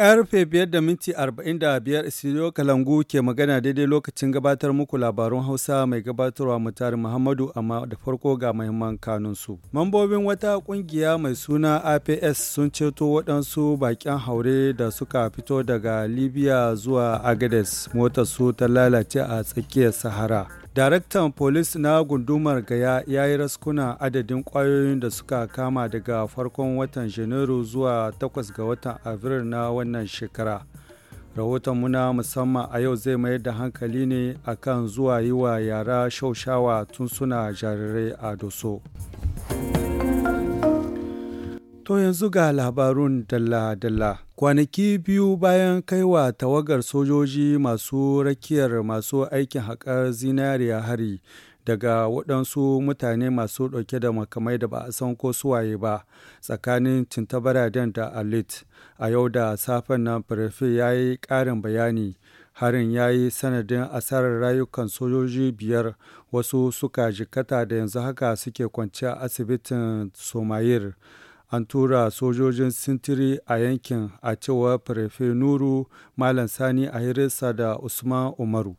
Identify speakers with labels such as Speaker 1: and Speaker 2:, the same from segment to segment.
Speaker 1: Karfe 5 da minti 45 Studio Kalangu ke magana daidai lokacin gabatar muku labarun Hausa mai gabatarwa mutari Muhammadu amma da farko ga mahimman kanunsu. Mambobin wata kungiya mai suna APS sun ceto waɗansu baƙin haure da suka fito daga Libya zuwa Agades motar su ta lalace a tsakiyar Sahara. Daraktan Polis na gundumar Gaya ya yi raskuna adadin ƙwayoyin da suka kama daga farkon watan Janairu zuwa takwas ga watan Afril na wannan shekara. Rahoton muna musamman a yau zai mayar da hankali ne akan zuwa yi wa yara shaushawa tun suna jarirai a doso. To yanzu ga labarun dalla-dalla. Kwanaki biyu bayan kaiwa tawagar sojoji masu rakiyar masu aikin haƙar zinariya hari daga waɗansu mutane masu ɗauke da makamai da ba a san ko suwaye ba tsakanin cintabaraden da alit a yau da safen nan firfe ya yi ƙarin bayani harin ya yi sanadin asarar rayukan sojoji biyar wasu suka jikata da yanzu haka suke kwanci a asibitin somayir an tura sojojin sintiri a yankin a cewar Prefe Nuru Malam Sani a hirarsa da Usman Umaru.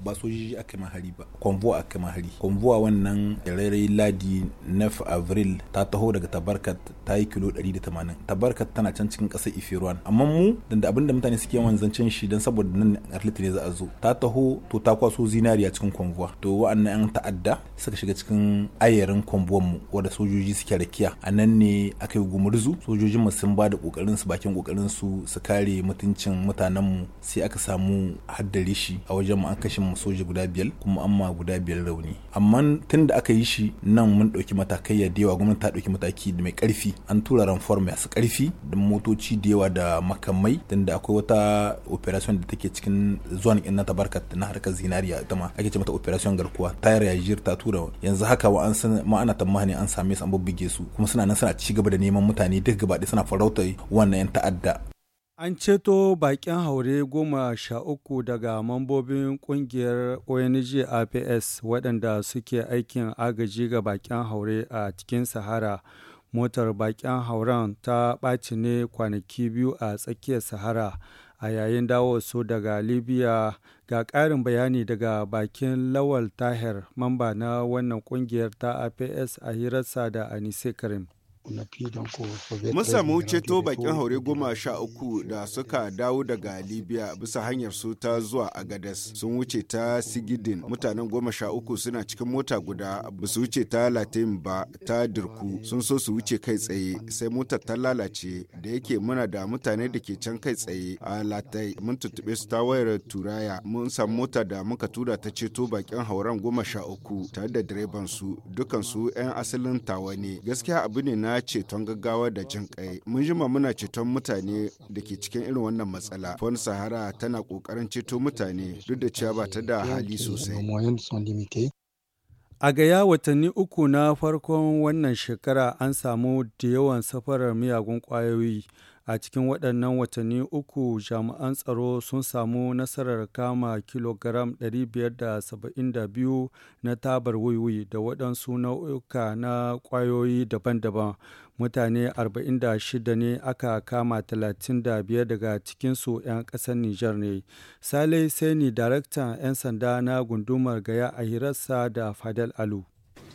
Speaker 2: ba sojoji aka mahari ba konvo aka mahari konvo a wannan rairayi ladi 9 avril ta taho daga tabarkat ta yi kilo 180 tabarkat tana can cikin ƙasar ifiruwan amma mu da abinda mutane suke yawan zancen shi don saboda nan atleti ne za a zo ta taho to ta kwaso zinariya cikin konvo to wa'annan yan ta'adda suka shiga cikin ayarin konvon mu wanda sojoji suke rakiya a nan ne aka yi gumurzu sojojin mu sun ba da kokarin su bakin kokarin su su kare mutuncin mutanen mu sai aka samu haddare shi a wajen mu an kashe ma soja guda biyar kuma amma guda biyar rauni amma tun da aka yi shi nan mun ɗauki matakai da yawa gwamnati ta ɗauki mataki da mai karfi an tura ranfor masu karfi da motoci da yawa da makamai tun da akwai wata operation da take cikin zuwan in na tabarkat na harkar zinariya ita ma ake ce mata operation garkuwa tayar yajir ta tura yanzu haka wa an san ma ana tamani an same su an bubbuge su kuma suna nan suna ci gaba da neman mutane duk gaba suna farautar wannan yan ta'adda
Speaker 1: An ceto bakin haure goma sha uku daga mambobin kungiyar ONG APS waɗanda suke aikin agaji ga bakin haure a cikin Sahara. Motar bakin hauren ta ɓaci ne kwanaki biyu a tsakiyar Sahara a yayin dawowarsu daga Libya ga ƙarin bayani daga bakin Lawal Tahir, mamba na wannan kungiyar ta APS a hirarsa da Anise Karim. Mun samu ceto bakin haure
Speaker 3: goma sha uku da suka dawo daga Libya bisa hanyar su ta zuwa Agadez sun wuce ta Sigidin mutanen goma sha uku suna cikin mota guda ba su wuce ta Latin ba ta Dirku sun so su wuce kai tsaye sai motar ta lalace da yake muna da mutane da ke can kai tsaye a Latai mun tuttube su ta wayar turaya mun san mota da muka tura ta ceto bakin hauren goma sha uku tare da direban su dukansu 'yan asalin tawa ne gaskiya abu ne na na ceton gaggawa da jin kai mun jima muna ceton mutane da ke cikin irin wannan matsala fon sahara tana kokarin ceto mutane duk da cewa ba ta da hali
Speaker 1: sosai A gaya watanni uku na farkon wannan shekara an samu da yawan safarar miyagun kwayoyi a cikin waɗannan watanni uku jami'an tsaro sun samu nasarar kama kilogram 572 na tabar wiwi da waɗansu nau'uka na ƙwayoyi daban-daban mutane 46 ne aka kama 35 daga cikinsu 'yan ƙasar Nijar ne. Sale saini daraktan 'yan sanda na gundumar gaya a hirarsa da Fadal Alu.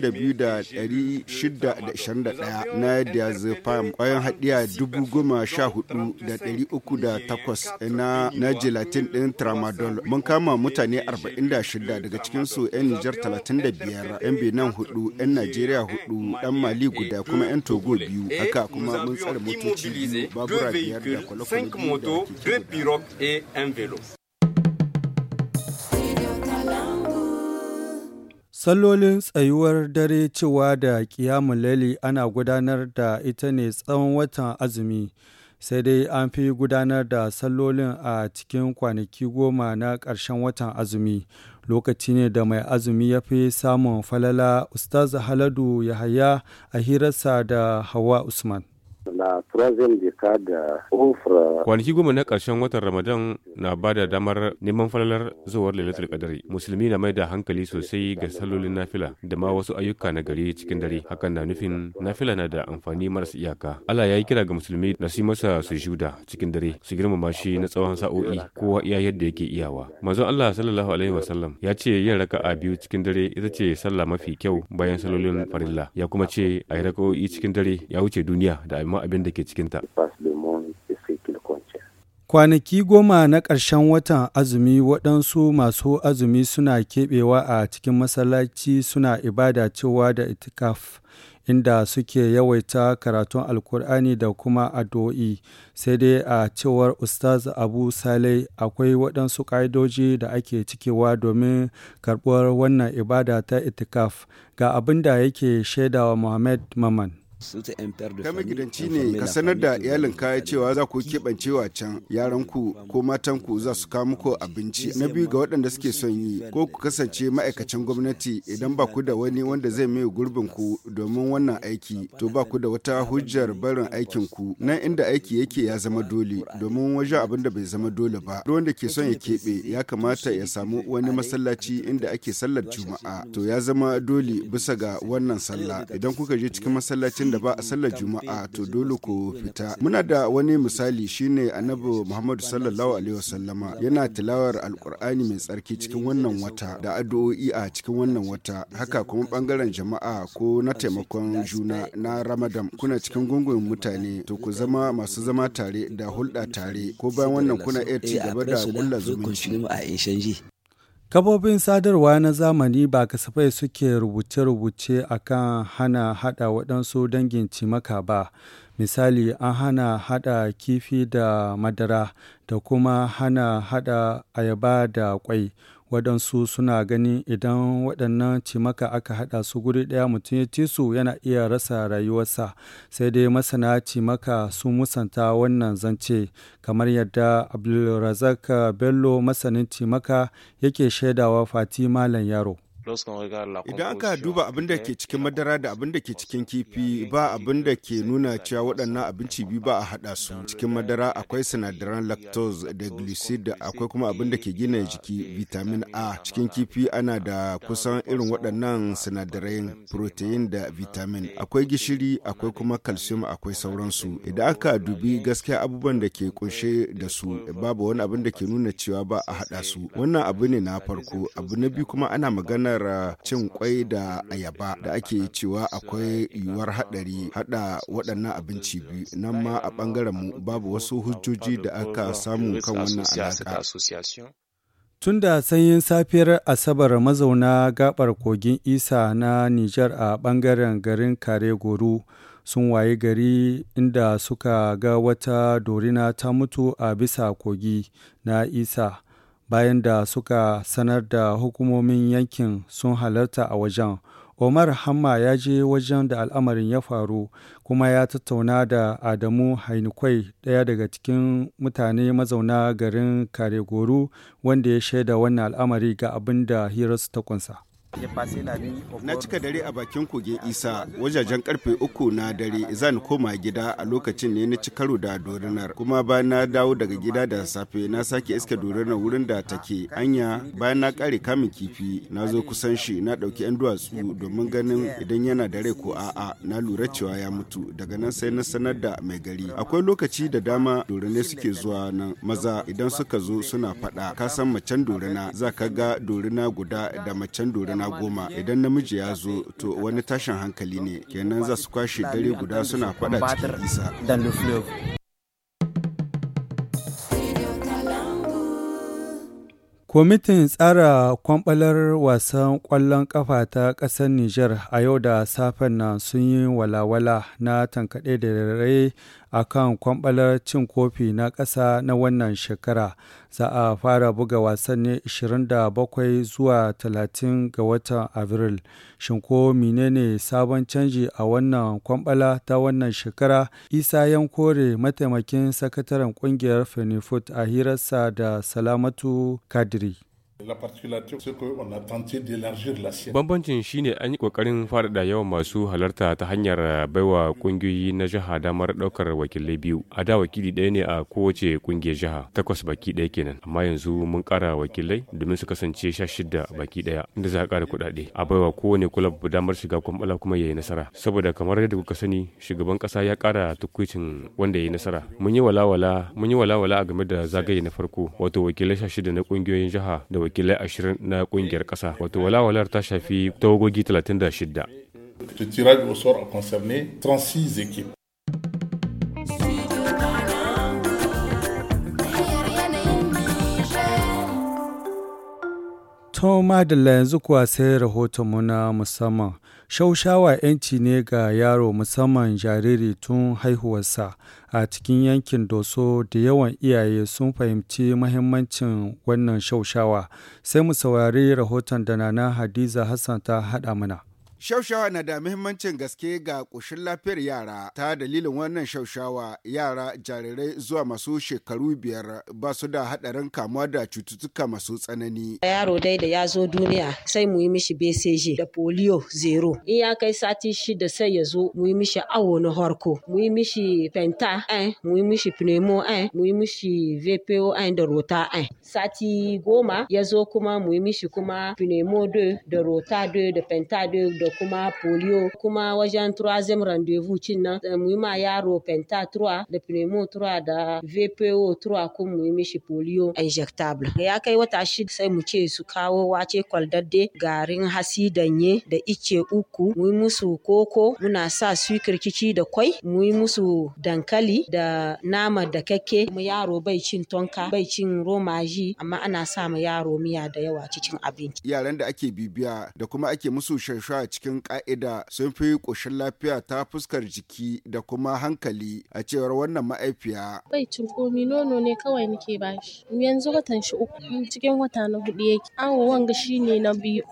Speaker 3: 22,621 na diazepam kwayan haɗiya 14,308 na na gelatin ɗin tramadol mun kama mutane 46 daga cikin cikinsu 'yan nijar 35 'yan benin 4 'yan najeriya 4 'yan mali guda kuma 'yan togo biyu haka kuma mun tsare motoci biyu babura biyar da kwale-kwale biyu da
Speaker 1: Sallolin tsayuwar dare cewa da ƙiyamun laili ana gudanar da ita ne tsawon watan azumi, sai dai an fi gudanar da sallolin a cikin kwanaki goma na ƙarshen watan azumi. Lokaci ne da mai azumi ya fi samun falala Ustaz Haladu Yahaya a hirarsa da Hawa Usman. la troisième décade euh, offre euh,
Speaker 4: kwanaki goma na ƙarshen watan Ramadan na ba da damar neman falalar zuwar Lailatul Qadari. Musulmi na mai da hankali sosai ga salolin nafila da ma wasu ayyuka na gari cikin dare. Hakan na nufin nafila na da amfani maras iyaka. Allah ya yi kira ga musulmi na su masa su shuda cikin dare, su girmama shi na tsawon sa'o'i kowa iya yadda yake iyawa. Manzon Allah sallallahu alaihi wa sallam ya ce yin raka'a biyu cikin dare ita ce sallah mafi kyau bayan salolin farilla. Ya kuma ce a yi raka'o'i cikin dare ya wuce duniya da amma abin da ke cikinta.
Speaker 1: Kwanaki goma na ƙarshen watan azumi waɗansu masu azumi suna keɓewa a cikin masallaci suna ibada cewa da itikaf inda suke yawaita karatun alkur'ani da kuma addu'o'i sai dai a cewar ustaz abu salai akwai waɗansu ƙa'idoji da ake cikewa domin karɓuwar wannan ibada ta itikaf ga abin da yake shaidawa muhammad maman
Speaker 3: kai gidanci ne ka sanar da iyalin kaya cewa za ku keɓancewa can yaranku ko matanku za su kawo muku abinci na biyu ga waɗanda suke son yi ko ku kasance ma'aikacin gwamnati idan ba ku da wani wanda zai mai gurbin ku domin wannan aiki to ba ku da wata hujjar barin aikin ku nan inda aiki yake ya zama dole domin wajen abin da bai zama dole ba duk wanda ke son ya keɓe ya kamata ya samu wani masallaci inda ake sallar juma'a to ya zama dole bisa ga wannan sallah idan kuka je cikin masallacin da ba a sallar juma'a to dole ku fita muna da wani misali shine annabi muhammadu sallallahu alaihi wasallama yana tilawar alkur'ani mai tsarki cikin wannan wata da addu'o'i a cikin wannan wata haka kuma bangaren jama'a ko na taimakon juna na ramadan kuna cikin gungun mutane to ku zama masu zama tare da hulɗa tare ko bayan wannan kuna iya ci gaba da kulla zumunci
Speaker 1: Kafofin sadarwa na zamani ba kasafai suke rubuce-rubuce a kan hana haɗa waɗansu dangin cimaka ba. Misali, an hana haɗa kifi da madara da kuma hana haɗa ayaba da kwai waɗansu suna gani idan waɗannan cimaka aka haɗa su guri ɗaya mutum ya ci su yana iya rasa rayuwarsa sai dai masana cimaka sun musanta wannan zance kamar yadda abdulrazak bello masanin cimaka yake shaidawa fati malam yaro
Speaker 2: Idan aka duba abin da ke
Speaker 3: cikin madara da abin da ke cikin kifi ba abin da ke nuna cewa waɗannan abinci biyu ba a haɗa su. Cikin madara akwai sinadaran lactose da glucid akwai kuma abin da ke gina jiki vitamin A. Cikin kifi ana da kusan irin waɗannan sinadarai protein da vitamin. Akwai gishiri akwai kuma calcium akwai sauransu. Idan aka dubi gaskiya abubuwan da ke kunshe da su babu wani abin da ke nuna cewa ba a haɗa su. Wannan abu ne na farko. Abu na biyu kuma ana magana matsalar cin kwai da ayaba da ake cewa akwai yiwuwar haɗari haɗa waɗannan abinci biyu nan ma a ɓangaren mu babu wasu hujjoji da aka samu kan wannan alaƙa.
Speaker 1: Tun da sanyin safiyar Asabar mazauna gabar kogin Isa na Nijar a ɓangaren garin Kare Goro sun waye gari inda suka ga wata dorina ta mutu a bisa kogi na Isa. bayan da suka sanar da hukumomin yankin sun halarta a wajen. Omar Hamma ya je wajen da al'amarin ya faru kuma ya tattauna da Adamu Hainikwai ɗaya daga cikin mutane mazauna garin Karegoro wanda ya shaida wannan al'amari ga abin da hirarsu ta kunsa.
Speaker 3: Na cika dare a bakin kogin Isa wajajen karfe uku na dare zan koma gida a lokacin ne na ci karo da dorinar kuma bayan na dawo daga gida da safe na sake iska dorinar wurin da take anya bayan na kare kamun kifi na zo kusan shi na dauki yan duwatsu domin ganin idan yana da rai ko a'a na lura cewa ya mutu daga nan sai na sanar da mai gari akwai lokaci da dama dorinai suke zuwa nan maza idan suka zo suna faɗa ka san macen dorina za ka ga dorina guda da macen dorina kwana goma idan namiji ya zo to wani tashin hankali ne kenan za su kwashe dare guda suna faɗa cikin
Speaker 1: isa. Kwamitin Tsara Kwamɓalar Wasan Ƙwallon Ƙafa ta Ƙasar Nijar a yau da safen nan sun yi walawala na tankaɗe da rarraye a kan kwamɓalar cin kofi na ƙasa na wannan shekara. Za a fara buga wasan ne 27 zuwa 30 ga watan Abril. Shin ko menene sabon canji a wannan kwamɓala ta wannan shekara? Isa Yankore mataimakin sakataren ƙungiyar Fenifut a hirarsa da Salamatu Kadiri.
Speaker 2: Bambancin
Speaker 4: shine an yi kokarin faɗaɗa yawan masu halarta ta hanyar baiwa ƙungiyoyi na jiha damar ɗaukar wakilai biyu. A da wakili ɗaya ne a kowace ƙungiyar jiha takwas baki ɗaya kenan, amma yanzu mun ƙara wakilai domin su kasance sha shida baki ɗaya inda za a ƙara kuɗaɗe. A baiwa kowane kulab damar shiga kwamɓala kuma ya yi nasara. Saboda kamar yadda kuka sani shugaban ƙasa ya ƙara tukwicin wanda ya yi nasara. Mun yi walawala mun a game da zagaye na farko wato wakilai sha shida na ƙungiyoyin jiha da wakilai ashirin na kungiyar kasa wato walawalar ta shafi tawagogi talatin da shida.
Speaker 2: tirage 36 équipes.
Speaker 1: yanzu kuwa sai rahoton mu na musamman. Shaushawa ‘yanci ne ga yaro musamman jariri tun haihuwarsa. A cikin yankin Doso da yawan iyaye sun fahimci mahimmancin wannan shaushawa. Sai mu saurari rahoton da Nana Hadiza Hassan ta haɗa mana.
Speaker 3: Shaushawa na da muhimmancin gaske ga ƙoshin lafiyar yara ta dalilin wannan shaushawa yara jarirai zuwa masu shekaru biyar ba su da haɗarin kamuwa da cututtuka masu tsanani.
Speaker 5: Yaro dai da ya zo duniya sai mu yi mishi BCG da polio zero. In ya kai sati shida sai ya zo mu yi mishi awo na harko, mu yi mishi penta eh, mu yi mishi pneumo eh, mu yi mishi VPO eh, da rota eh. Sati goma ya zo kuma mu yi mishi kuma pneumo 2 da rota 2 da penta 2 da da kuma polio kuma wajen troisième rendez-vous cin nan eh, mu yi ma yaro penta 3 da pneumo 3 da vpo 3 kuma mu yi mishi polio injectable ya kai wata shida sai mu ce su kawo wace kwaldadde garin hasi danye da ice uku mu yi musu koko muna sa su kirkici da kwai mu yi musu dankali da nama da keke. mu yaro bai cin tonka bai cin romaji amma ana sa ma yaro miya da yawa cikin abinci
Speaker 3: yaran da ake bibiya da kuma ake musu shashwa cikin ƙa'ida sun fi ƙoshin lafiya ta fuskar jiki da kuma hankali a cewar wannan ma'aifiya.
Speaker 5: Bai cin komi nono ne kawai nake bashi. Yanzu watan shi uku cikin wata na hudu yake. Awo wanga shi ne na biyu.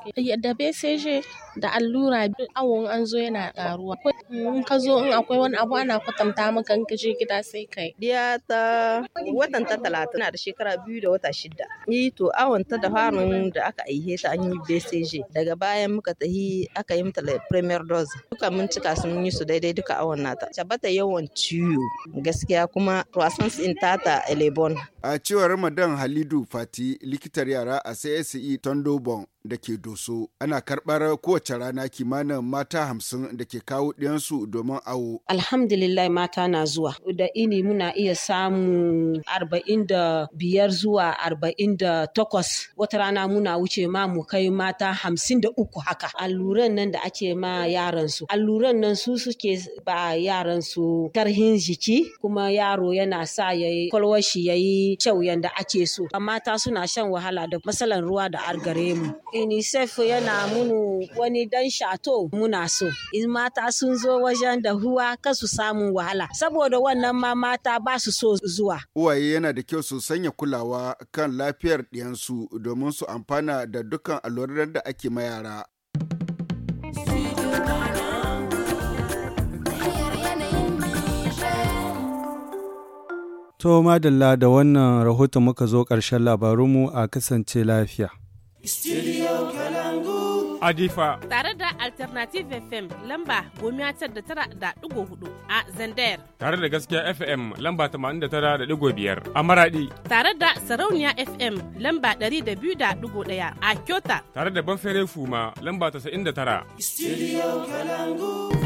Speaker 5: Da beseje da allura awon an zo yana ƙaruwa. In ka zo in akwai wani abu ana kwatanta maka in ka je gida sai kai. Diya ta watan ta talatin na da shekara biyu da wata shida. Ni to awon ta da farin da aka aihe ta an yi beseje. Daga bayan muka tahi aka aka yi mata premier dose duka mun cika sun yi su daidai duka awon nata shabata yawan ciwo gaskiya kuma croissance in tata elebon
Speaker 3: a cewar madan halidu fati likitar yara a cse tondobon da ke doso ana karɓar kowace rana kimanin mata hamsin da ke kawo ɗiyansu domin awo.
Speaker 5: Alhamdulillah mata na zuwa da ini muna iya samu arba'in da biyar zuwa arba'in da takwas wata rana muna wuce ma mu kai mata hamsin da uku haka alluran nan da ake ma yaran su alluran nan su suke ba yaran su tarhin jiki kuma yaro yana sa yi kwalwashi yayi kyau yanda ake so mata suna shan wahala da matsalan ruwa da argare mu UNICEF yana munu wani dan shato muna so. In mata sun zo wajen da huwa kasu samun wahala. Saboda wannan ma mata ba su so zuwa.
Speaker 3: Uwaye yana da kyau su sanya kulawa kan lafiyar ɗiyansu domin su amfana da dukkan allurar da ake mayara.
Speaker 1: To madalla da wannan rahoton muka zo ƙarshen labarunmu a kasance lafiya.
Speaker 5: Studio Kalangu.
Speaker 1: Adifa.
Speaker 5: Tare da Alternative FM lamba gomiya tar da tara da ɗigo hudu a Zandayar.
Speaker 4: Tare da gaskiya FM lamba tamanin da tara da ɗigo biyar a Maradi.
Speaker 5: Tare da Sarauniya FM lamba ɗari da biyu da ɗigo ɗaya a Kyota.
Speaker 4: Tare da Banfere Fuma lamba tasa'in da tara.
Speaker 3: Studio Kalangu.